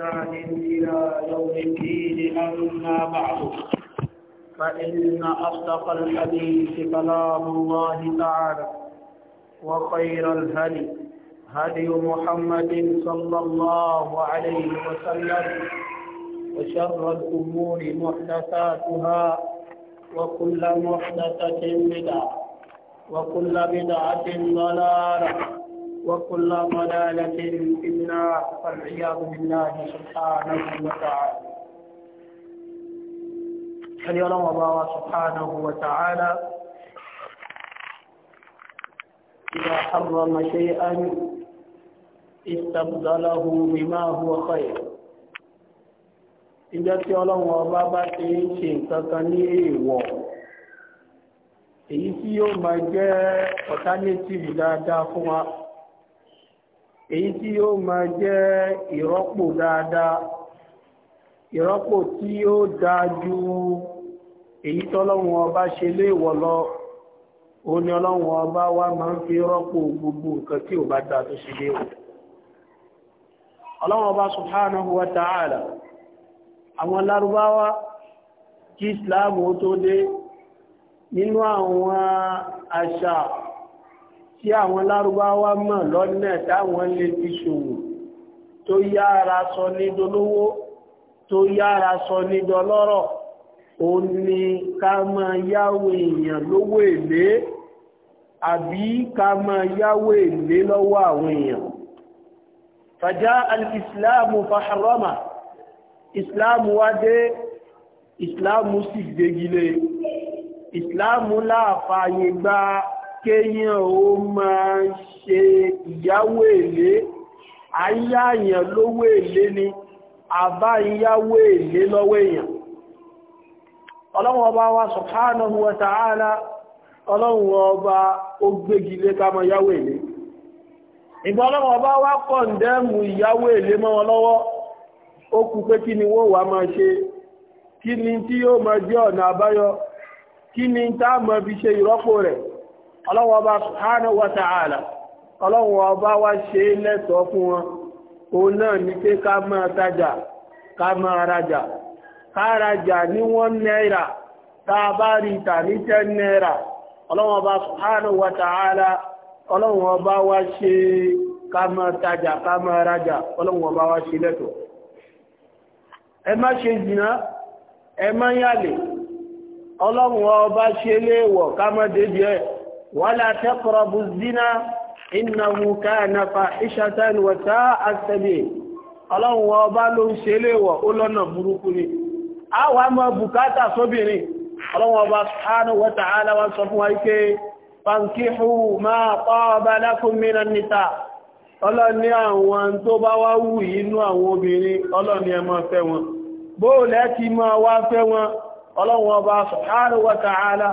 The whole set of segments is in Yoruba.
بإحسان إلى يوم الدين أما بعد فإن أصدق الحديث كلام الله تعالى وخير الهدي هدي محمد صلى الله عليه وسلم وشر الأمور محدثاتها وكل محدثة بدعة وكل بدعة ضلالة وكل ضلالة في النار والعياذ بالله سبحانه وتعالى اليوم الله سبحانه وتعالى إذا حرم شيئا استبدله بما هو خير ìjọ tí ọlọ́run ọba bá ti ń ṣe nǹkan kan ní èèwọ̀ èyí tí yóò máa jẹ́ alternative dáadáa fún wa èyí tí yóò ma jẹ́ ìrọ́pò dáadáa ìrọ́pò tí yóò dáa ju èyí tọ́lọ́run ọba ṣe lọ ó ní ọba wa máa ń fi rọ́pò gbogbo nǹkan tí ò bá dáa tó ṣe léèwọ̀ ọlọ́run ọba subhanahu ta'ala àwọn kí islam tí àwọn lárúbáwá mọ̀ lọ́nà táwọn lè fi ṣòwò tó yára sọ ní dolówó tó yára sọ ní dọlọ́rọ̀ ó ní ká máa yáwó èèyàn lówó èlé àbí ká máa yáwó èlé lọ́wọ́ àwọn èèyàn fàjá alìsìláàmù fàhàrọ́mà ìsìláàmù wá ìsìláàmù sì gbégilé ìsìláàmù láàfààyè gba kéèyàn ó máa ṣe ìyáwó èlé àyáyàn lówó èlé ni àbá ìyáwó èlé lọ́wọ́ èèyàn ọlọ́run ọba wa subhanahu wa ta'ala ọlọ́run ọba ó gbégilé èlé ọba wa kọ̀ǹdẹ́mù ìyáwó èlé mọ́ wọn lọ́wọ́ ó kú pé kí ni wó wà máa ṣe kí ni tí yóò máa jẹ́ ọ̀nà àbáyọ kí ni tá a máa fi ṣe ìrọ́pò rẹ̀ ọlọ́wọ́ ọba subhanahu ọlọ́wọ́ ọba wá ṣe lẹ́tọ̀ọ́ fún wọn o náà ní pé ká máa tajà ká máa rajà ká rajà ní wọ́n náírà tá a bá rí ìtà ní tẹ́ náírà ọlọ́wọ́ ọba ọlọ́wọ́ ọba wá ṣe ká máa tajà ká máa rajà ọlọ́wọ́ ọba wá ṣe lẹ́tọ̀ọ́ ولا تقربوا الزنا إنه كان فاحشة وساء السبيل ọlọ́run wa ọba ló ń ṣe ó lọ́nà burúkú ni a wà mọ́ bùkátà sóbìnrin ọlọ́run ọba wa ta'ala sọ fún ma taba lakum minan ọlọ́ni àwọn tó bá wá wù inú àwọn obìnrin ọlọ́ni ẹ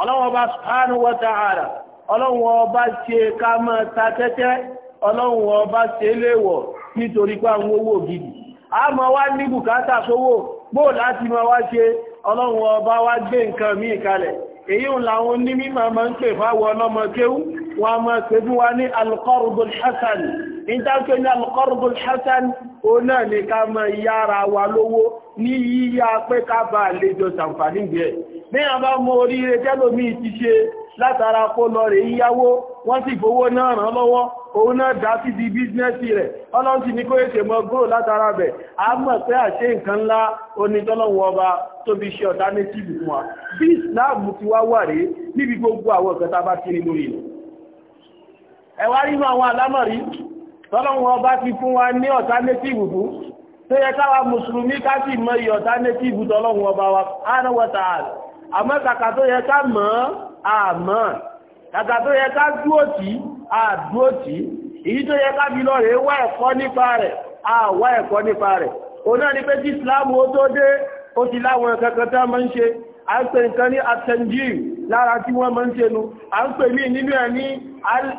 ọlọ́wọ́ bá subhanahu wa ta'ala ọlọ́wọ́ bá ṣe ká mọ́ ta tẹ́tẹ́ ọlọ́wọ́ bá ṣe léwọ̀ nítorí pé àwọn owó gidi a mọ́ wá ní bùkátà sówó gbó láti mọ́ wá ṣe ọlọ́wọ́ bá wá gbé nǹkan míì kalẹ̀ èyí ń làwọn onímọ̀ máa ń pè fáwọn ọlọ́mọ kéwú wọn máa pè fún wa ní alqardul hasan ìdájọ́ ní alqardul hasan ó náà ní ká mọ yára wa lówó ní yíyá pé ká bá àlejò sàǹfààní bẹ́ẹ̀ bí a bá mọ oríire tẹ́lòmí ti ṣe látara kó lọ rẹ̀ yíyáwó wọ́n sì fowó náà ràn lọ́wọ́ òun náà dá sí di bíznẹ́sì rẹ̀ ọlọ́sì ní kó èsè mọ́ gúrò látara bẹ̀ a mọ̀ pé àṣẹ nǹkan ńlá onítọ́lọ́wọ́ ọba tó fi ṣe ọ̀dá nẹ́tìbì fún wa bí ìsìláàmù ti wá wà rèé níbi gbogbo àwọn ọ̀gá tá a bá kiri lórí rẹ̀ ẹ̀wá nínú àwọn alámọ̀rí tọ́lọ́wọ́ ọba ti tó yẹ káwa mùsùlùmí ká sì mọ iye ọ̀tá nẹ́tìbì tọ́lọ́wọ́ ọba wa ánà wọ́tàálù àmọ́ kàkà tó yẹ ká mọ̀ àmọ́ kàkà tó yẹ ká dúó tí àdúó tí èyí tó yẹ ká bí lọ rẹ̀ wá ẹ̀kọ́ nípa rẹ̀ àwá ẹ̀kọ́ nípa rẹ̀ oná ni pé tí Islam ó tó dé ó ti láwọn kankan tá máa ń ṣe à ń ní attenjive lára tí wọ́n máa ń ṣe nu a ń pè ní nínú ẹ̀ ní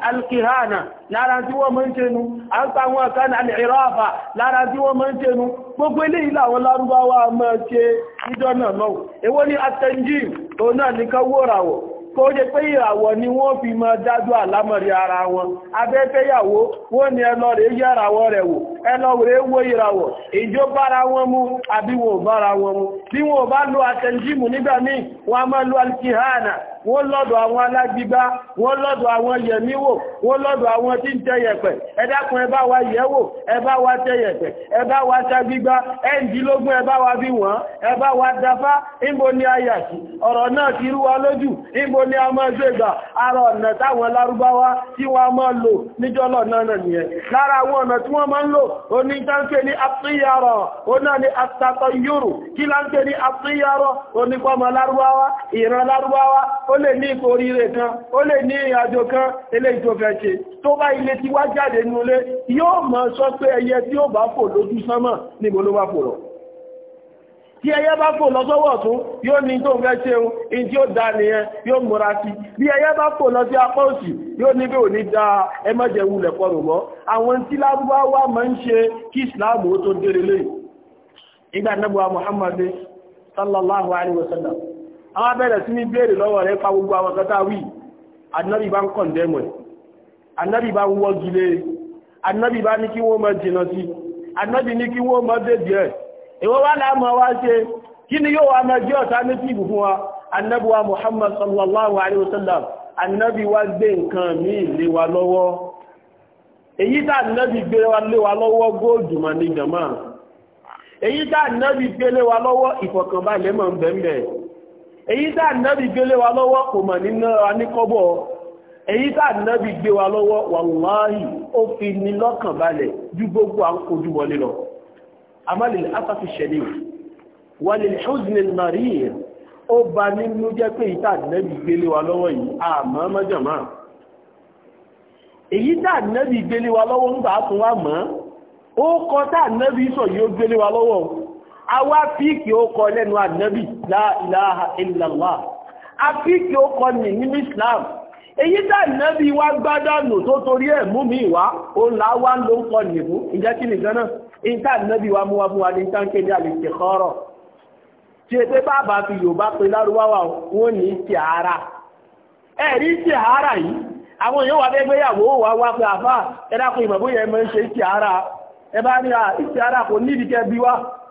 alkihana lára tí wọ́n máa ń ṣe nu a ń pa àwọn ọ̀kan alìrọ́fà lára tí wọ́n máa ń ṣe nu gbogbo ilé ìlà àwọn lárúbáwá máa ṣe níjọ́ náà lọ́wọ́ èwo ni atẹ́jì òun náà ní ká wó ràwọ̀ kó jẹ́ pé ìràwọ̀ ni wọ́n fi mọ dájú àlámọ̀rí ara wọn abẹ́fẹ́yàwó wọ́n ni ẹlọ rẹ̀ yí ìràwọ̀ rẹ̀ wò ẹlọ rẹ̀ wo ìràwọ̀ ìjó bára wọn mú àbí wọn ò bára wọn mú tí wọn ò bá lo àtẹ̀jímù nígbà míì wọn a máa lo alkihana wọ́n lọ́dọ̀ àwọn alágbígbá wọ́n lọ́dọ̀ àwọn yẹ̀míwò wọ́n lọ́dọ̀ àwọn tí ń tẹyẹ̀pẹ̀ ẹ dákun ẹ bá wa yẹ̀wò ẹ bá wa tẹyẹ̀pẹ̀ ẹ bá wa ṣagbígbá ẹ̀ǹdínlógún ẹ bá wa bí wọ́n ẹ bá wa dáfá ìbò ni ayàtì ọ̀rọ̀ náà ti rú wa lójú ìbò ni a máa gbé gbà ara ọ̀nà táwọn lárúbáwá tí wọ́n máa lò níjọ́lọ̀ náà nìyẹn lára àwọn ọ̀nà tí wọ́n máa ń lò oníjáńpé ní àtúnyàrọ̀ ó náà ni àtàkọ yòrò kí láńpé ní àtúnyàrọ̀ onípọ̀mọ̀ lárúbáwá ìran lárúbáwá ó ó lè ní ipò oríire kan ó lè ní ìrìnàjò kan eléyìí tó fẹ́ ṣe tó bá ilé tí wá jáde nínú ilé yóò mọ̀ sọ pé ẹyẹ tí ó bá fò lójú sánmà níbo ló bá fò lọ tí ẹyẹ bá fò lọ sọ́wọ́ ọ̀tún yóò ní tó ń fẹ́ ṣe ohun in tí ó da nìyẹn yóò múra sí bí ẹyẹ bá fò lọ sí apá òsì yóò ní bí ò ní da ẹmọ́jẹ wulẹ̀ pọ̀rọ̀ mọ́ àwọn tí lábúwá máa ń ṣe kí ìsìláàmù ó àwọn abẹ́rẹ̀ sí ní béèrè lọ́wọ́ rẹ̀ pa gbogbo àwọn kẹta wí annabi bá ń kọ̀ dẹ́mọ̀ annabi bá ń wọ́gilé annabi bá ní kí wọ́n mọ́ jìnà sí annabi ní kí wọ́n mọ́ dèdè ẹ̀ èwọ́ wá láàmọ́ wá ṣe kí ni yóò wá mọ́ jẹ́ ọ̀tá ní tìbù fún wa annabi wa muhammad sallallahu alaihi wasallam annabi wá gbé nǹkan míì lé wa lọ́wọ́ èyí tá annabi gbé wa lé wa lọ́wọ́ góòdù mà ní èyí tá ànábì gbélé wa lọ́wọ́ kò mọ̀ nínú aníkọ́bọ̀ èyí tá ànábì gbé wa lọ́wọ́ wàláhì ó fi ní lọ́kàn balẹ̀ ju gbogbo à ń kojú wọlé lọ ṣẹlẹ̀ maria ó ba nínú jẹ́ pé èyí tá gbélé wa lọ́wọ́ yìí àmọ́ mọ́jọ̀má èyí tá gbélé wa lọ́wọ́ ń tún wá mọ́ fi píìkì ó kọ lẹ́nu ànábì la ilaha illallah a píìkì ó kọ ní nínú islam èyí tá ànábì wá gbádànù tó torí ẹ̀ mú mi wá ó là ló ń kọ nìbú ìjẹ́ kí nìkan náà èyí tá ànábì wá mú wá fún wa ní táǹkì ní tí fi yorùbá pé larubawa wọn ní tìhárà yìí àwọn èèyàn wà wà wá pé àfà ìmọ̀ bóyá ẹ máa ń ṣe ara ẹ bá ní kò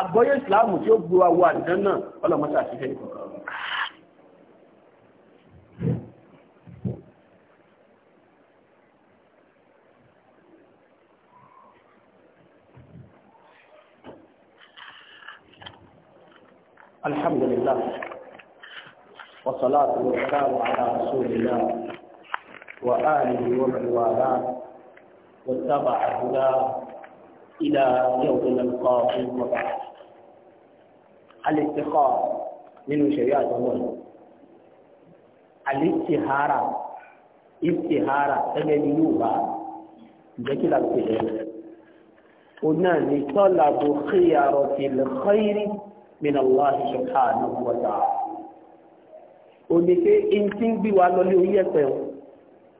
àgbọ́yé ìsìláàmù tí ó gbó àwọ àdìdán náà ọlọ́mọ́sá àti fẹ́ الحمد لله والصلاة والسلام على رسول الله وآله ومن والاه واتبع هداه إلى يوم نلقاه وبعد alẹ́tìkọ́ nínú ìṣẹ̀rí àtọ́lọ́ alẹ́tìhárà ìtìhárà gẹ́gẹ́ bí Yorùbá ìjẹ́kí la pè é o náà ní tọ́lá bó khiyarọ̀ ti lè khayri min Allah subhanahu wa ta'ala o ní pé n ti ń wa lọlé orí ẹ̀pẹ̀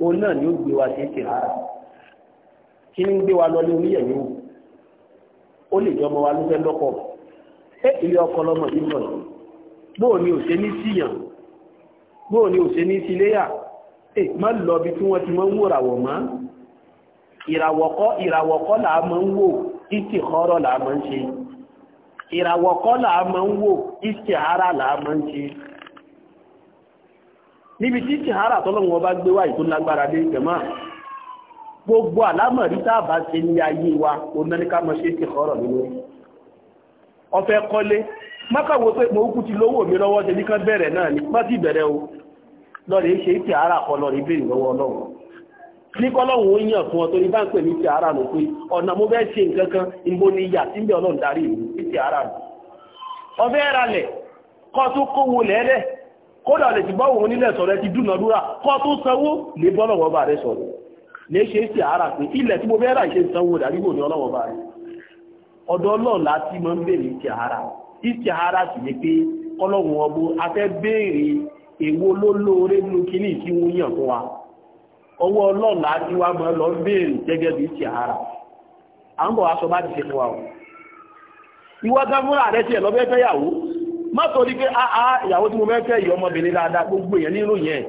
o náà ni ó gbé wa sí ìtìhárà kí ni wa lọlé orí ẹ̀yìn o ó lè jọmọ wa ló fẹ́ ẹ ilé ọkọlọmọ yìí lọ bóò ni ò ṣe ní síyàn bóò ni ò ṣe ní síléyà ẹ má lọ bí tí wọ́n ti mọ́ ń wò ràwọ̀ mọ́ ìràwọ̀kọ́ ìràwọ̀kọ́ là á mọ́ ń wò ìtì ọ̀rọ̀ là á mọ́ ń ṣe ìràwọ̀kọ́ là á mọ́ ń wò ìtì ara là á mọ́ ń ṣe níbi tí ìtì ara tọ́lọ́wọ́n bá gbé wá ìtò lágbára dé jẹ̀mọ́ gbogbo àlámọ̀rí tá a bá ṣe ní ayé wa onáníkà mọ́ ṣe ìtì ọ̀rọ̀ nínú ọfẹ́ kọ́lé mákàwò pé mo kú ti lówó mi lọ́wọ́ ṣe ní bẹ̀rẹ̀ náà ní o lọ́rẹ̀ ṣe ti ara kọ lọ́rẹ̀ béèrè lọ́wọ́ ọlọ́run ní kọ́lọ́run ó yàn fún ọ tó bá ń pè ní ti ara nù pé ọ̀nà mo fẹ́ ṣe nǹkan ni ìyà tí ń bẹ ọlọ́run darí ara nù ọfẹ́ kọ́ tó kówó lẹ́lẹ̀ kódà lè ti bọ́wọ́ onílẹ̀ sọ̀rọ̀ sọ̀rọ̀ lè ṣe ara pé ilẹ̀ tí mo ọ̀dọ̀ ọlọ́run láti máa ń béèrè ìtìhara ìtìhara sì ni pé ọlọ́run ọgbó afẹ́ béèrè èwo ló kíní tí wọ́n yàn fún wa ọwọ́ lọ gẹ́gẹ́ bí à ń bọ̀ bá ti ṣe fún wa o rẹ fẹ́ yàwó má sọ ní pé àá ah, ah, ìyàwó tí mo fẹ́ fẹ́ ìyọ́ ọmọbìnrin dáadáa gbogbo èèyàn nínú yẹn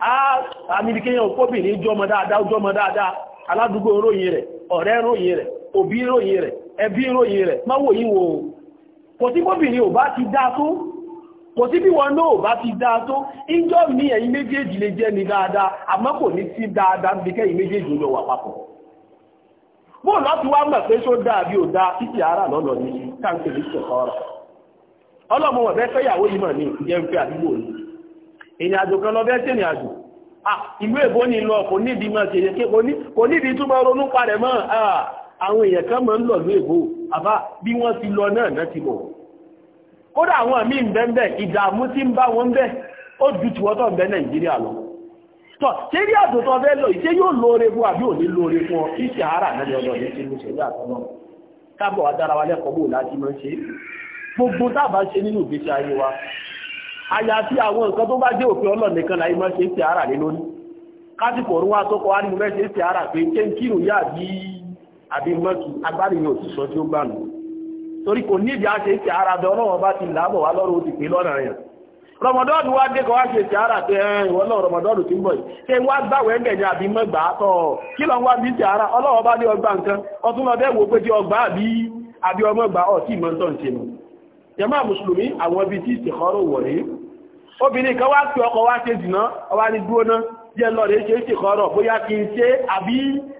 ah, àmìlìkéyàn kóbìnrin jọmọ dáadáa jọmọ dáadáa aládùúgbò ròyìn rẹ̀ ròyìn rẹ. ẹbí ìròyìn rẹ̀ má wò yín wò kò sí bóbìnrin ò bá ti dáa tó kò sí bí wọn náà bá ti dáa tó ìjọ mi ẹ̀yin méjèèjì lè jẹ́ ni dáadáa àmọ́ kò ní sí dáadáa bí kẹ́yìn méjèèjì lọ wà papọ̀ bó láti wá mọ̀ pé ara lọ́lọ́ ní ọlọ́mọ wọn fẹ́ yìí mọ̀ ní ìjẹ́ ń fẹ́ àdúgbò ni ìrìn àjò kan lọ fẹ́ sí ìrìn àjò ìlú èbó ni lọ kò àwọn èèyàn kan máa ń lọ ní èbó àbá bí wọ́n ti lọ náà náà ti mọ̀ kódà àwọn àmì ìbẹ́ńbẹ́ ìdààmú tí ń bá wọn bẹ́ ó ju tiwọ́ tó ń bẹ nàìjíríà lọ tọ́ ṣé rí àtòtọ́ fẹ́ lọ ìṣe yóò lóore fún àbí ò ní lóore fún ọ kí ṣe ara náà lọ ní ti lóṣè ní àtọ́ náà káàbọ̀ wá dára wa lẹ́kọ̀ọ́ bò láti máa ń ṣe gbogbo àbí mọ́kì agbárí yóò ti sọ tí ó gbà nù torí kò ní ìdí àṣẹ ìṣẹ́ ara bẹ ọlọ́run bá ti làábọ̀ wá lọ́rọ̀ ó ti pè lọ́nà rẹ̀ rọmọdọ́ọ̀dù wá dé kọ wá ṣe ìṣẹ́ ara pé ìwọ náà rọmọdọ́ọ̀dù ti ń bọ̀ ṣe wá gbàwẹ̀ ń bẹ̀yẹ àbí mọ́gbà tọ̀ kí lọ wá bí ìṣẹ́ ara ọlọ́run bá ní ọgbà nǹkan ọtún lọ bẹ́ẹ̀ wò pé tí ọgbà àbí àbí ọmọgbà ọtí ìmọ̀ tọ̀ ń ṣe nù jàmá mùsùlùmí àwọn ibi tí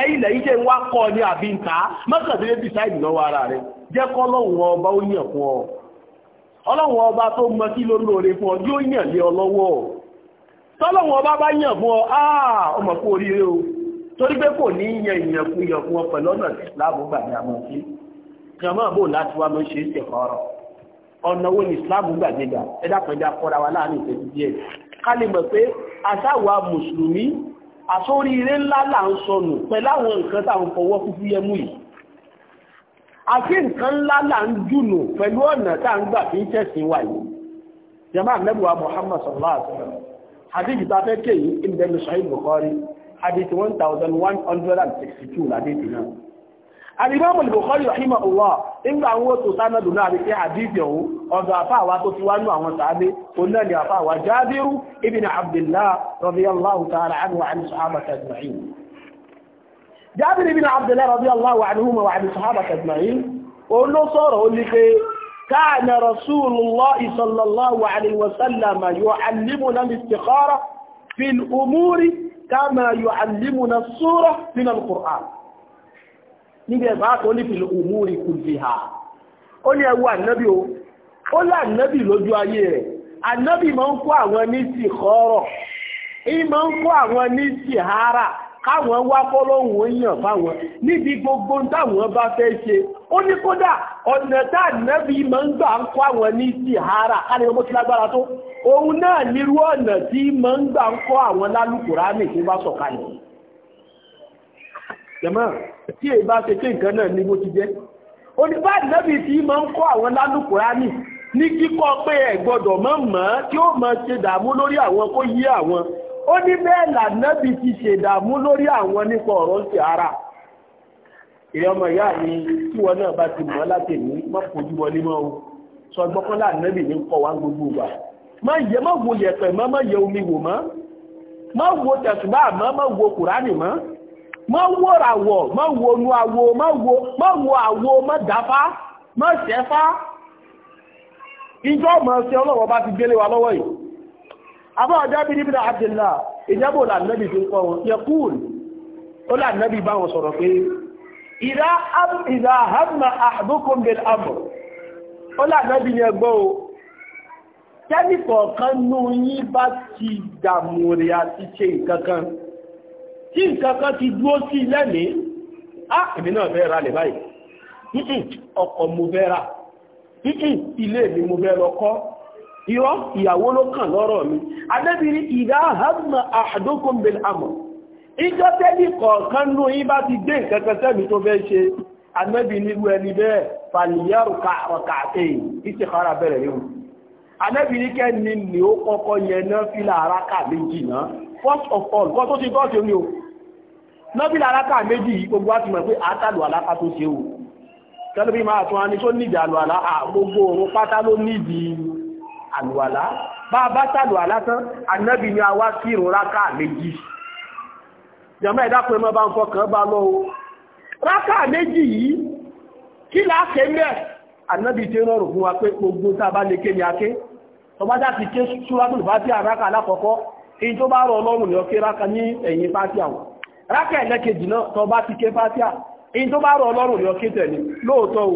ẹ̀yìn lẹ́yìn ike wá n'i ní àbí ń ta mọ́kàndínlẹ́ bísáìdì lọ́wọ́ ara ọba ó yàn fún ọ ọlọ́wọ́ ọba tó mọ sí lóore fún ọ yóò yàn lé ọ lọ́wọ́ ọba bá yàn fún ọ áà ọmọ oríire o torí pé kò ní yan ìyànkú yànkú ọ ní sí láti wá ṣe wa láàrin àsórí eré ńlá là ń sọnù pẹ̀láwọn nǹkan táwọn fọwọ́ fúfú yẹ mú yìí àti nǹkan ńlá là ń pẹ̀lú ọ̀nà tá ń gbà fi ń tẹ̀sìn wà yìí jama mẹ́bùwá Muhammad sallallahu alaihi wasallam hadithi ta fẹ́ kéyìí ìbẹ̀lú Sahih Bukhari hadithi 1162 ládé náà Al-Imam Al-Bukhari rahimahullah nígbà àwọn tó sánàdù náà rí pé àdíjì ọ̀hún ọ̀dọ̀ àfáàwá tó ti wánú àwọn sàábé o náà ni àfáàwá Jábírù ibn Abdullah radiyallahu ta'ala anhu wa an sahabata ajma'in Jábírù ibn Abdullah radiyallahu níbi ẹ̀bá tó ní fìlú umuri kulliha ó ní ẹwú ànábì o ó lá ànábì lójú ayé rẹ̀ ànábì máa ń kó àwọn ní ti kọ́rọ̀ èyí máa ń kó àwọn ní ti hara káwọn wá fọ́lọ́hùn èèyàn fáwọn níbi gbogbo táwọn bá fẹ́ ṣe ó ní kódà ọ̀nà tá ànábì máa ń gbà ń kó àwọn ní ti hara káni ọmọ tí lágbára tó òun náà nírú ọ̀nà tí máa ń gbà ń kó àwọn lálùkùránì tí bá sọ̀kalẹ̀ jẹ̀mọ́ tí èyí bá ṣe pé nǹkan náà ni bó ti jẹ́ oníbàdì lẹ́bi tí máa ń kọ́ àwọn lálùkùránì ní kíkọ́ pé ẹ̀ gbọ́dọ̀ mọ̀ mọ́ tí ó máa ṣe dààmú lórí àwọn kó yí àwọn ó ní bẹ́ẹ̀ lànàbì ti ṣèdààmú lórí àwọn nípa ọ̀rọ̀ sí ara ìrẹ́ ọmọ ìyá mi tí wọn náà bá ti mọ̀ láti ní má fojú wọlé mọ́ o sọ gbọ́kọ́ lànàbì ní kọ́ wa gbogbo wa má yẹ Ma wo yẹ̀pẹ̀ mọ́ má yẹ omi wò mọ́ má wo tẹ̀sùbá mọ́ má wo kùránì mọ́ má wòràwọ̀ má wo nu àwo má wo má wo àwo má dáfá má ṣẹ́fá ìjọ ọmọ ṣe ọlọ́wọ́ bá ti gbélé wa lọ́wọ́ yìí abọ́ ọjọ́ bí níbi náà Abdullah ìjábò lànàbì fi ń kọ́ wọn yẹkúùl ó lànàbì bá wọn sọ̀rọ̀ pé ìdá àmà ahadukum bil amr ó lànàbì ní ẹgbọ́ o kẹ́nìkọ̀ọ̀kan nú yín bá ti dàmú rẹ̀ àti ṣe nǹkan kan tí nǹkan kan ti dúó sí lẹ́mìí á èmi náà fẹ́ ra lè báyìí ọkọ̀ mo fẹ́ ra ilé mi mo fẹ́ lọ kọ́ irọ́ ìyàwó ló kàn lọ́rọ̀ mi adébìrí ìdá àhámà àdókòm bẹ̀rẹ̀ àmọ̀ ìjọ tẹ́lì kọ̀ọ̀kan ló yí bá ti dé nǹkan kan sẹ́mi tó fẹ́ ṣe anábì nílùú ẹni bẹ́ẹ̀ of all kọ́ tó ti gọ́ọ̀tì omi o nọ́bìlì aláka méjì gbogbo wa ti mọ̀ pé àátàlù aláka tó ṣe o tẹ́lẹ̀ bí máa tún wa ní àlùwàlá gbogbo òun pátá ló nídìí àlùwàlá bá a bá sàlùwàlá tán ànábì ni a wá sí ìrora ká méjì jọmọ́ ẹ̀dá pé mọ́ bá ń fọkàn bá lọ o ráká méjì yìí kí láàké mẹ́ ànábì tí rọrùn fún wa pé gbogbo tá a bá lè ké ní aké ọba ti ké súrátùlù bá tí àrákà alákọ̀ọ́kọ́ raka ẹlẹ́kejì náà tó bá ti ké fátíà in tó bá rọ ọlọ́run yọ ké tẹ̀lé lóòótọ́ o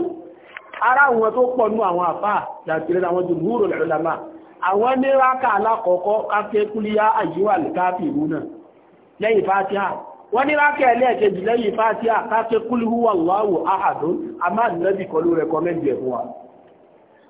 ara wọn tó pọ̀ nú àwọn àfà dàtìrẹ́ àwọn jùmúrò lẹ́lẹ́mà àwọn ní alákọ̀ọ́kọ́ káké kúlíyá àyíwà lẹ́yìn fátíà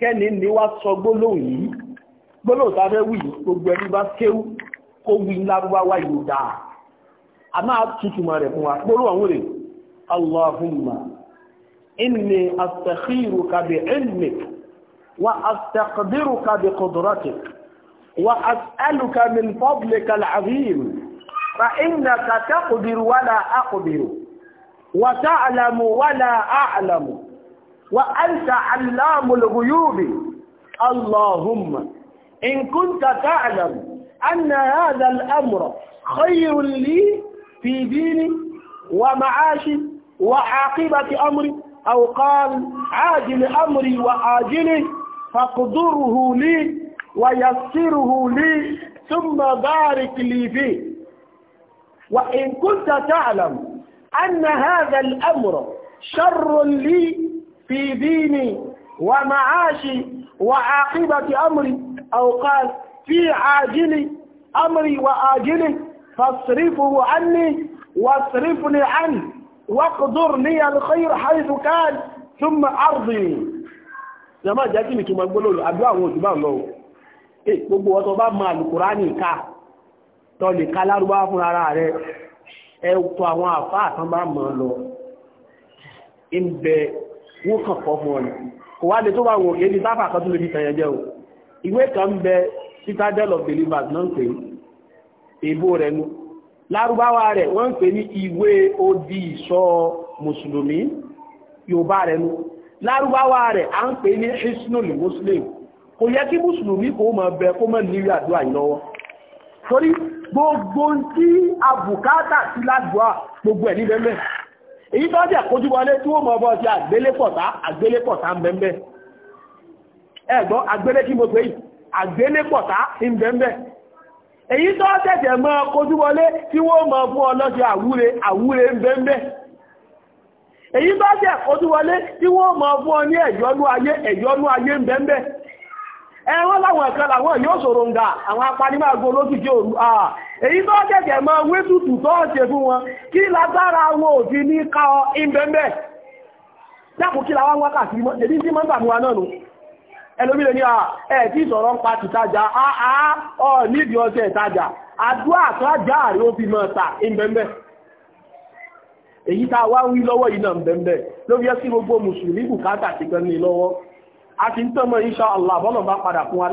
kẹ́ni ni wá sọ gbólóhùn yìí gbólóhùn tá a fẹ́ wí gbogbo ẹni bá kéwú kó wí lárúbáwá yóò dáa a máa tútùmọ̀ rẹ̀ fún wa gbólóhùn àwọn rẹ̀ allahumma inni astakhiruka bi ilmik wa astaqdiruka bi qudratik wa as'aluka min fadlika al'azim fa innaka taqdiru wala aqdiru wa ta'lamu wala a'lamu وأنت علام الغيوب اللهم إن كنت تعلم أن هذا الأمر خير لي في ديني ومعاشي وعاقبة أمري أو قال عاجل أمري وآجله فاقدره لي ويسره لي ثم بارك لي فيه وإن كنت تعلم أن هذا الأمر شر لي في ديني ومعاشي وعاقبة أمري أو قال في عاجل أمري وآجله فاصرفه عني واصرفني عنه واقدر لي الخير حيث كان ثم أرضي يا ما جاكي نكي ما نقول له أبدا هو جبان له إيه بقول وطبعا ما القرآن كا tọ́lì kálárúbá fún ara rẹ̀ ẹ̀tọ́ àwọn àfáà tán bá mọ̀ lọ ń bẹ wọ́n kàn kọ́ fún ọ̀nà kò wá lè tó bá wọn òkè ní sáfà kan tó lè fi tẹ̀yẹ̀ jẹ́ o ìwé kan bẹ citadel of believers náà ń pè èbó rẹ̀ nu lárúbáwá rẹ̀ wọ́n ń pè ní ìwé odi ìṣọ́ mùsùlùmí yorùbá rẹ̀ nu lárúbáwá rẹ̀ à ń pè ní hisnul muslim kò yẹ kí mùsùlùmí kò mọ̀ bẹ kó mọ̀ nílé àdúrà yìí lọ́wọ́ torí gbogbo tí abùkátà sí ládùúà gbogbo ẹ̀ níbẹ̀ mẹ́rin èyí bá jẹ́ àkójúwọlé tí wọ́n mọ̀ ọbọ̀ sí àgbélépọ̀tá àgbélépọ̀tá ń bẹ́ẹ̀ ẹ̀gbọ́n àgbélé kí mo pè yìí àgbélépọ̀tá ń bẹ́ẹ̀ èyí tó tẹ̀tẹ̀ mọ́ kojúwọlé tí wọ́n mọ̀ fún ọlọ́sí àwúre àwúre ń bẹ́ẹ̀ èyí bá jẹ́ àkójúwọlé tí wọ́n mọ̀ fún ọ ní ẹ̀yọ́nú ayé ẹ̀yọ́nú ayé ń bẹ́ẹ̀ e láwọn ẹ̀kan làwọn yóò ṣòro ń ga àwọn apanimọ̀gbọ́n olókìkí òru àà èyí tó kẹ̀kẹ̀ mọ wétùtù tó ṣe fún wọn kí lágbára wọn ò fi ní ká ọ ìbẹ̀mẹ̀ dákùn kí làwọn wákàtí èdè tí mọ́ńtà mú wa náà nù ẹlòmílẹ̀ ní ẹ̀ tí ìṣọ̀rọ̀ ń pa tìtajà àá ọ nídìí ọjọ́ ìtajà àdúrà tó ajá fi ta ìbẹ̀mẹ̀ èyí tá a wá ń lọ́wọ́ yìí náà ń bẹ̀m̀bẹ̀ a ti ń tọ́mọ̀ insha Allah bọ́lọ̀ bá padà fún wa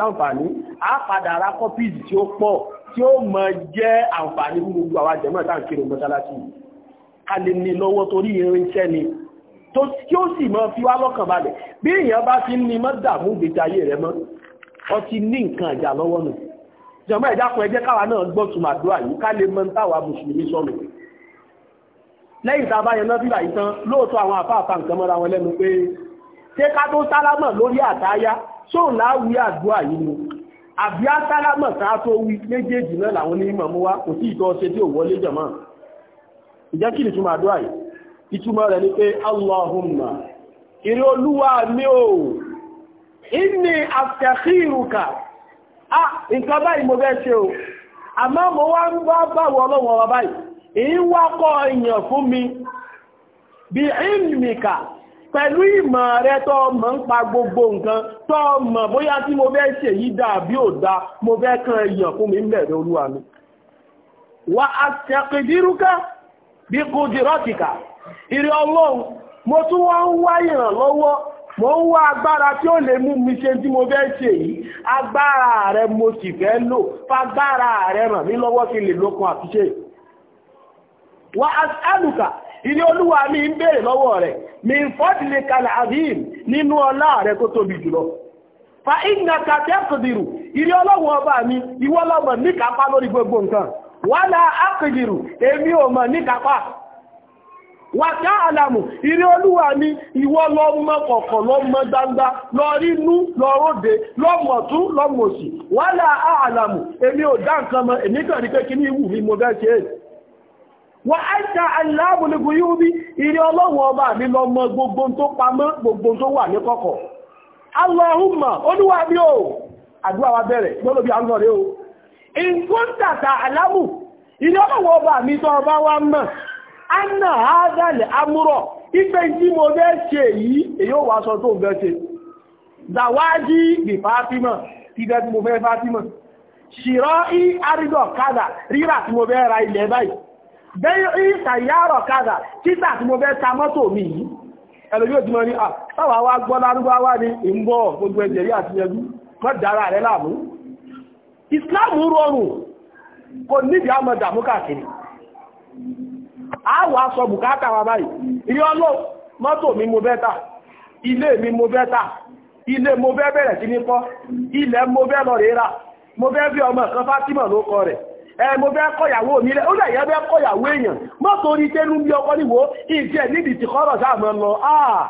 a padà ra kọ́pìsì tí ó pọ̀ tí ó mọ̀ jẹ́ àǹfààní fún gbogbo àwọn àjẹmọ́ tá à ń kiri mọ́sálásí a lè ní lọ́wọ́ torí irinṣẹ́ ni tí ó sì mọ́ fi wá lọ́kàn balẹ̀ bí èèyàn bá ti ní mọ́ dààmú ìgbésí ayé rẹ̀ mọ́ ọ ti ní nǹkan àjà lọ́wọ́ nù jọmọ́ ìdákun ẹ jẹ́ káwa náà gbọ́ tùmọ̀ àdúrà lẹ́yìn tá a bá yẹn àwọn àfáàfà nǹkan mọ́ra wọn lẹ́nu pé ṣé ká tó sálámọ̀ lórí àtáyá ṣóò láwí àdúrà yìí ni àbí ásálámọ̀ ká tó wí méjèèjì náà làwọn onímọ̀ mú wá kò sí ìtọ́ ṣe tí ò wọlé jẹ̀mọ́ ìjẹ́ kí nìtumọ̀ àdúrà yìí ìtumọ̀ rẹ̀ ni pé Allahumma ìrẹ́ olúwa mi ò inni aftakhiruka ah nǹkan báyìí mo fẹ́ ṣe o àmọ́ mo wá ń bá báwọ ọlọ́wọ́ wa báyìí èyí wá kọ́ ìyàn fún mi bí ìmìkà pẹ̀lú ìmọ̀ rẹ tó ọmọ ń pa gbogbo nǹkan tó ọmọ bóyá tí mo fẹ́ ṣe yí dáa bí ò dáa mo fẹ́ kan èèyàn fún mi olúwa mi wà á bí kò ọlọ́run mo tún wọ́n ń wá ìrànlọ́wọ́ tí ó lè mú mi ṣe tí mo fẹ́ ṣe yìí agbára rẹ mo sì fẹ́ lò ràn mí lọ́wọ́ kí lè lókun wà á ilé olúwa mi ń béèrè lọ́wọ́ rẹ̀ mi ń fọ́dílé kalẹ̀ azim nínú ọlá rẹ̀ tóbi fa ìgbà kàtẹ́ ilé ọlọ́wọ́ ọba mi ìwọ ní kápá lórí gbogbo nǹkan wàlá àkèjìrù èmi ò mọ̀ ní kápá àlàmù ilé olúwa mi ìwọ lọ́mọ kọ̀kọ̀ lọ́mọ gbangba lọ́rí inú àlàmù èmi ò dá nǹkan mọ̀ èmi kàn ní pé kí ní ìwù mi mo ṣe é wà áìsà aláàbòlégò yóò bí ilé ọlọ́wọ́ ọba mi lọ mọ gbogbo tó pamọ́ gbogbo tó wà ní kọ̀kọ̀ Allahumma olúwa mi o àdúrà wa bẹ̀rẹ̀ lọ́lọ́bí àwọn rẹ̀ o ìkúntàtà aláàmù ilé ọlọ́wọ́ ọba mi tọ́ ọba wa mọ̀ anna hadalẹ̀ amúrọ̀ ipe tí mo fẹ́ ṣe yìí èyí ò wá sọ tó fẹ́ ṣe dàwájí bí fátímọ̀ tí fẹ́ tí mo bẹ́yìn ìsàyàrọ̀ kádà títà tí mo fẹ́ ta mọ́tò mi yìí ẹlòmí òjúmọ́ ní àwà wá gbọ́ lárúgbáwá ní ìmbọ̀ gbogbo ẹgbẹ̀rí àti ẹgbú kọ́ dára rẹ láàmú Islam rọrùn kò níbi àmọ́ dàmú káàkiri àwà sọ bùkátà wa báyìí ilé ọmọ kan Fátímọ̀ ló ẹ mo fẹ́ kọ̀yàwó mi lẹ́ ó lẹ́yìn ẹgbẹ́ kọ̀yàwó èèyàn mọ́ torí tẹ́nu bí ọkọ níwò ìdí ẹ̀ níbi tí kọ́rọ̀ sáàmọ́ lọ àà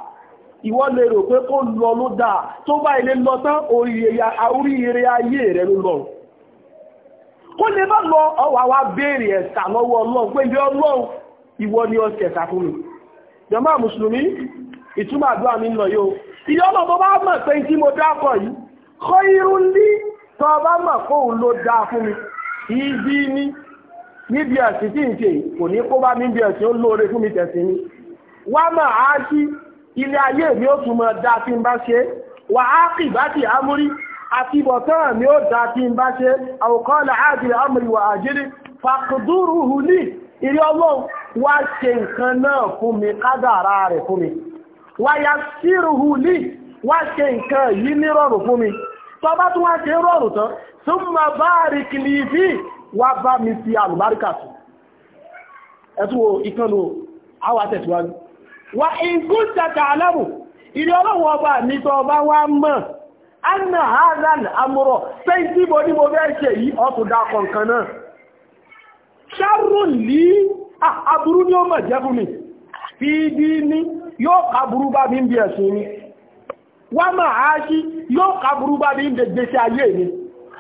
ìwọ lè rò pé kó lọ ló dáa tó bá ilé lọ tán oríire ayé rẹ ló lọ kó lè bá lọ ọwà wa béèrè ẹ̀sà lọ́wọ́ ọlọ́run pé ilé ọlọ́run ìwọ ni ọ ṣẹ̀ṣà fún mi jàmá mùsùlùmí ìtumọ̀ àdúrà mi lọ yóò ìyá ọlọ́run tó bá mọ̀ pé tí mo dákọ̀ yìí kọ́ irun lí tọ́ bá mọ̀ kóun ló dáa fún mi ìdí ní níbi ẹ̀sìn tí ń ṣe kò ní kó bá níbi ẹ̀sìn ó lóore fún mi tẹ̀sìn mi wá mà á sí ilé ayé mi ó tún mọ dá tí ń bá ṣe wà á kì bá ti amúrí àti ìbọ̀tán mi ó dá tí ń bá ṣe àwòkọ́lẹ̀ ájìlẹ̀ amúrí wà àjírí fàkùdúrú hù ní ilé ọlọ́run wá ṣe nǹkan náà fún mi kádàrá rẹ̀ fún mi wáyà sírù hù ní wá ṣe nǹkan yìí ní rọrùn fún mi tọ́ bá tún wá ṣe rọrùn tán súnmọ̀ bá rí kìlì fi wá bá mi fi àlùbáríkà sí ẹ̀tù ìkànnù àwọn àtẹ̀síwájú wà ìgún tàtà alámù ilé ọlọ́wọ́ ọba ní tọ́ ọba wá mọ̀ anna hazan amúrọ̀ pẹ́ntí bo ní mo fẹ́ ṣe yí ọkùnrin akọ̀ǹkan náà ṣarun lè ah, ni, ní ó mọ̀ jẹ́ fún mi fi dí ní yóò kàbúrú bá bí ń bí ẹ̀sùn mi wá máa ṣí yóò kàbúrú bá bí ń gbèsè ayé mi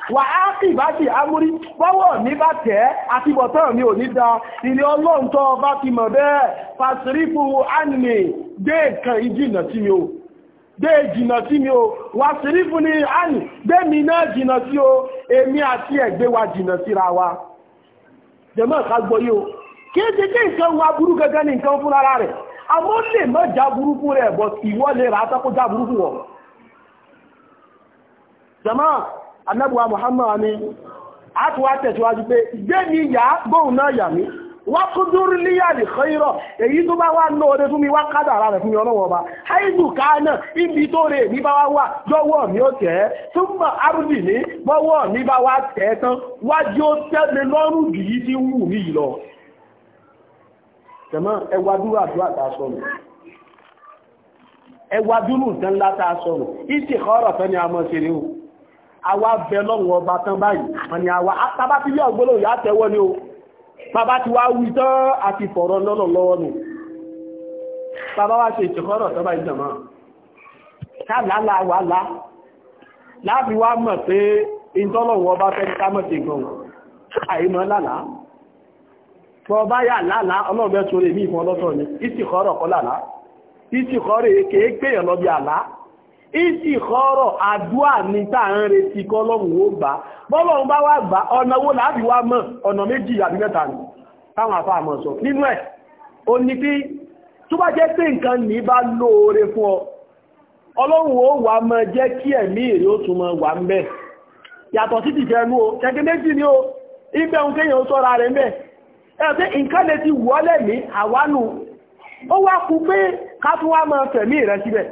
wà á kì bá sì amúrí bọ́wọ̀ ní bá tẹ́ àti bọ̀tọ́ mi ò ní da ilé ọlọ́run tó bá ti mọ̀ bẹ́ẹ̀ pàṣírífù ánìmì dé ìjìnà sí mi o dé jìnà sí mi o wà ṣírífù ní ánì dé náà jìnà sí o èmi àti ẹ̀gbẹ́ wa jìnà síra wa jẹ́mọ́ ká gbọ́ yìí o kí é ṣe kí nǹkan wa burú gẹ́gẹ́ ní nǹkan fúnra rẹ̀ àmọ́ lè mọ́ já burúkú rẹ̀ bọ̀ ìwọ́ lè rà á tọ́kọ́ já burúkú wọ̀ jẹ́mọ́ anábùwà Muhammad ni a tún wá tẹ̀síwájú pé ìgbé mi yà gbóhùn náà yà mí wọ́n kú dúró níyà lè kọ́ irọ́ èyí tó bá wà náà ọdẹ fún mi wá kádàrà rẹ̀ fún mi ọlọ́wọ́ ọba haidu kaana ibi tó rè ní bá wá wà lọ́wọ́ àdúrà tá a sọ nù ẹ wá dúró nǹkan ńlá ni a mọ̀ ṣe ni àwa bẹ lọ́wọ́ ọba tán báyìí wọ́n ni àwa tábá ti yọ ògbólóhùn yá tẹ́wọ́ ni o bàbá ti wá wí tán àti fọ̀rọ̀ lọ́nà lọ́wọ́ nù bàbá wá ṣe ìṣẹ̀kọ́rọ̀ tọ́ba ìjọmọ́ káàlá wà lá láàbí wá mọ̀ pé ìtọ́lọ̀wọ́ ọba fẹ́ ká mọ̀ sí gan àìmọ́ lálàá tọ́ lálàá ọlọ́ọ̀bẹ́ sórí mí lálàá ìṣìkọ́rọ̀ èké ìsìkọ́rọ̀ àdúà ní táàrin retí kọ́lọ́run ó gbà bọ́lọ́run bá wá gbà ọ̀nà wo láàbí wá mọ̀ ọ̀nà méjì àbí mẹ́ta ni táwọn àfáà mọ̀ sọ nínú ẹ̀ o ní pé tó bá jẹ́ pé nǹkan ní bá lóore fún ọ ọlọ́run ó wà mọ́ jẹ́ kí ẹ̀mí ni o ibẹ̀ ń kéyàn ó sọ́ra rẹ̀ mẹ́ ẹ̀ pé nǹkan lè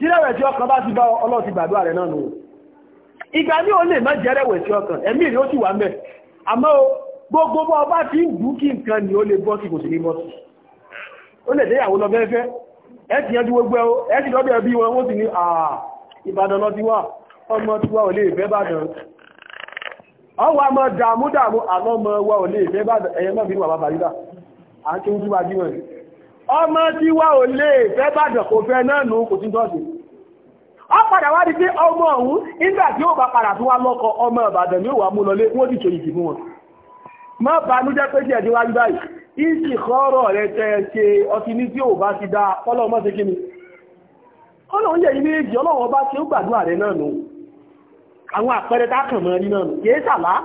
tírẹ̀wẹ̀ tí ọkàn bá ti bá Ọlọ́run ti gbàdúrà rẹ̀ náà nù ìgbà ní o lè má jẹ́rẹ̀wẹ̀ tí ọkàn ẹ̀mí rí ó sì wà mẹ́ àmọ́ gbogbo bọ́ ọba tí ń dùn kí nǹkan ni ó lè bọ́ sí kò sí ní bọ́ sí ó lè déyàwó lọ fẹ́fẹ́ ẹ ti yanjú gbogbo ẹ ti lọ́dọ̀ ẹbí wọn ó sì ní àà Ìbàdàn lọ ti wà ọmọ ti wà ò lè fẹ́ bàdàn ọwọ́ a máa dààmú dààmú àlọ́ ọmọ wa ọmọ tí wá ò lè fẹ́ fẹ́ náà nù ọ padà wá di pé ọmọ ọ̀hún nígbà tí ó bá padà tó wá lọ́kọ ọmọ Ìbàdàn ní òwà mú wọ́n ti fún wọn pé ẹ̀dí wájú báyìí ìsì kọ́rọ̀ rẹ̀ tẹ́ ṣe ọtí ní tí bá ti dá mọ́ ọlọ́run yẹ̀ ilé èjì ọlọ́run bá ṣe ń gbàdúrà rẹ̀ náà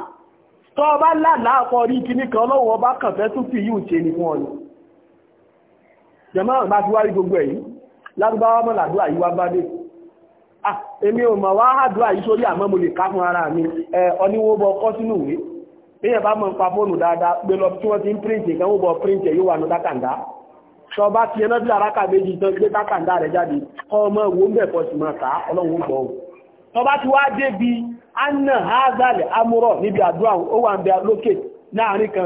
ọba láàlá ọkọ̀ kíní kan ọlọ́run ọba kàn jẹmọ́ àgbà tí wárí gbogbo ẹ̀yí lárúbáwá mọ́ làdúrà yìí wá bá dé ah èmi ò mọ̀ wá àdúrà yìí sórí àmọ́ mo lè ká fún ara mi ẹ ọníwó bọ kọ́ sínú ìwé bíyẹn bá mọ̀ ń pa fóònù dáadáa pé lọ tí wọ́n ti ń píríǹtì kan ó bọ píríǹtì yóò wà ní dákàndá sọ bá ti ẹná bí àràkà méjì tán gbé dákàndá rẹ jáde kọ́ ọmọ ìwò ń bẹ̀ pọ̀ sí máa ká ọlọ́run ń gbọ́ ọ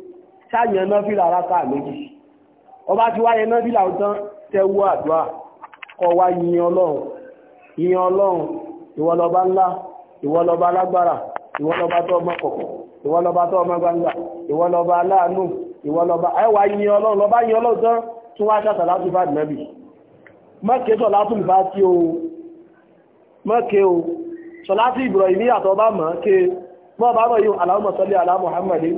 ṣáàyàn náà fìlà aráta méjì ọba ti wáyé náà fìlà ọ̀tán tẹ́wọ́ àdúrà kọ wá yìn ọlọ́run yìn ọlọ́run ìwọlọba ńlá ìwọlọba alágbára ìwọlọba tó ọmọ kọ̀kọ̀ ìwọlọba tó ọmọ gbangba ìwọlọba aláàánú ìwọlọba ẹwà yìn ọlọ́run lọba yìn ọlọ́run tán tún wá ṣàtà láti bá nàbì mọ́kẹ́ sọ látún bá tí o mọ́kẹ́ o sọ láti Ibrahim ìyàtọ̀ bá mọ́ mọ́ bá rọ̀ yóò Allahumma salli ala Muhammadin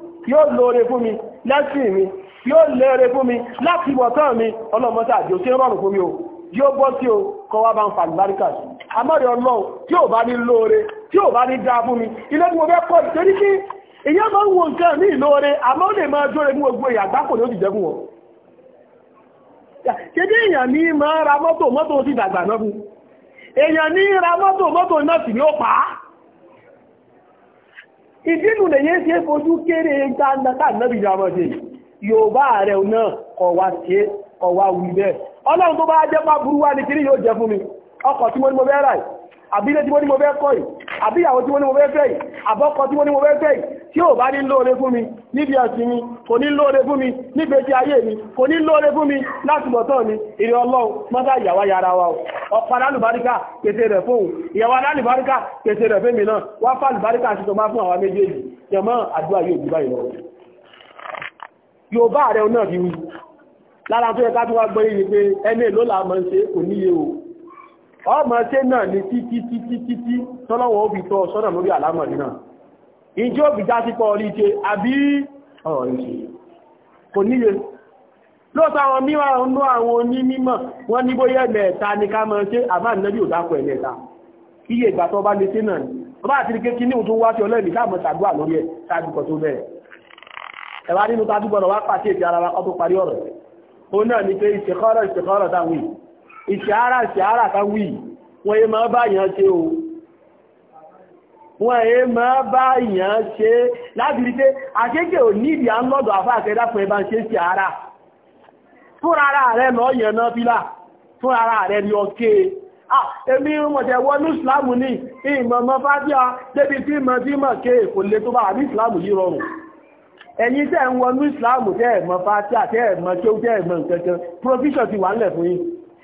yóò lóore fún mi lẹ́sìn mi yóò lóore fún mi láti ìwọ̀tán mi ọlọ́mọta àjò tí ó rọrùn fún mi o yóò bọ́ sí o kọ́ wá bá ń fa àlùbáríkà sí amọ́rẹ̀ ọlọ́run tí ò bá ní lóore tí ò bá ní dáa fún mi ilé tí mo fẹ́ kọ́ ìtorí kí ìyá máa ń wo nǹkan ní ìlóore àmọ́ ó lè máa jóore mú gbogbo ìyàgbá kò ní ó ti jẹ́gùn wọn ṣedé èèyàn ní máa ra mọ́tò mọ́tò ti dàgbà náà fún èèyàn ní ra mọ́tò mọ́tò náà sì ní ó pàá ìdínú lè na ihe fojú kéré dáadáa náà ìjàmọ̀ sí yóòbá rẹ̀ náà kọ̀wà ṣe kọ̀wà wù bẹ́ẹ̀ ọlọ́run tó bá jẹ́ pá ní kiri yóò jẹ fún mi ọkọ̀ tí mo ní mo àbílẹ̀ tí mo ní mo kọ́ yìí àbíyàwó tí wọ́n ní mo fẹ́ fẹ́ yìí àbọ́kọ tí wọ́n ní mo fẹ́ fẹ́ yìí tí ò bá ní lóore fún mi níbi ọ̀sìn mi kò ní lóore fún mi nígbèsí ayé mi kò ní lóore fún mi láti bọ̀tọ̀ mi ìrìn ọlọ́run mọ́tà ìyàwó yàrá wa o ọ̀pá lálùbáríkà pèsè rẹ̀ fóun ìyàwó lálùbáríkà pèsè rẹ̀ fẹ́mi náà wá fàlùbáríkà àti tó bá fún àwa méjèèjì yọmọ àdúrà yóò gbúgbà ìlọ yóò bá rẹ̀ náà bí wí lára tó yẹ ká tó wá gbọ́ yìí ni pé ẹni èlò làá mọ̀ ṣe kò níye o ọmọ ṣe náà ní títí títí títí tọ́lọ́wọ́ òbí tọ́ sọ́nà lórí àlámọ̀rí náà ìjọ òbí já sí pọ̀ọ̀rí ṣe àbí ọ̀rọ̀ ìṣe kò níye lóòtọ́ àwọn mìíràn ń wọ́n ní bóyá ẹ̀mẹ̀ẹ̀ta ni ká mọ̀ ṣe àmà ìnájú ò dákọ̀ ẹ̀mẹ̀ẹ̀ta iye ìgbà tó bá lè ṣe náà ọba àti kékeré ní òtún wá sí ọlọ́ẹ̀mí káàmọ̀ ṣàdúrà lórí ẹ̀ ṣáàdùkọ̀ tó bẹ̀rẹ̀ ẹ̀wà nínú ìṣàárà ìṣàárà ká wí wọ́n yé máa bá yàn ṣe o wọ́n yé máa bá yàn ṣe láti rí pé àkékè ò ní ìdí à ń lọ́dọ̀ àfá àkẹ́dá fún ẹbá ń ṣe ìṣàárà fún ara rẹ̀ mọ́ yàn náà fílà fún ara rẹ̀ ni ọkẹ́ èmi mọ̀tẹ̀ wọnú ìsìláàmù ní ìmọ̀mọ̀ fábíà débi tí mọ̀ tí mọ̀ ké kò lè tó bá àbí ìsìláàmù yìí rọrùn ẹ̀yin tẹ́ ń wọnú ìsìláàmù tẹ́ ẹ̀mọ̀ fábíà tẹ́ ẹ̀mọ̀ tẹ́ ẹ̀mọ̀ nǹkankan provision ti wà ń lẹ̀ fún yín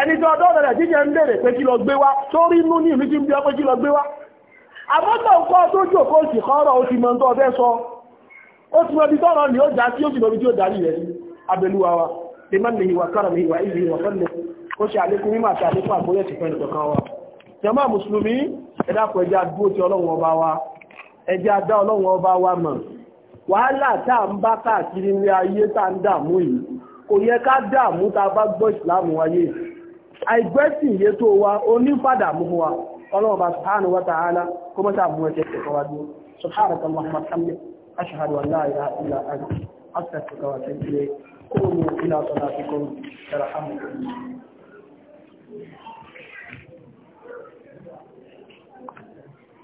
ẹni tó ọdọ́ rẹ̀ jíjẹ ń bèèrè pé kí lọ gbé wá sórí inú ní ìlú tí ń bí ọ kí lọ gbé wá àbọ́tọ̀ nǹkan tó jò kó sì kọ́rọ̀ ó ti mọ tó ọbẹ̀ sọ ó ti mọbi tọ́rọ̀ ni ó já sí ó sì mọbi tí ó darí rẹ̀ abẹ́lúwa wa lè má lèyìn wà kọ́rọ̀ lèyìn wà ìlú ìwà fẹ́lẹ̀ ó ṣe àlékún mímọ̀ àti àlékún àkóyẹ̀ sí fẹ́ nìkan wa jàmá mùsùlùmí ẹ dákun wa ẹjẹ́ adá ọlọ́run ọba wa mọ̀ wàhálà tá à ń bá káàkiri ní ayé tá à ń dààmú yìí kò yẹ ká dààmú tá bá gbọ́ ìsìláàmù wáyé àìgbẹ́sìn yé tó wa onífàdà mú wa ọlọ́run bá wata wa ta'ala kó mọ́ta mú ẹ̀ṣẹ̀ kẹ̀kọ́ wa dúró subhanahu wa ta'ala hamdi ashhadu an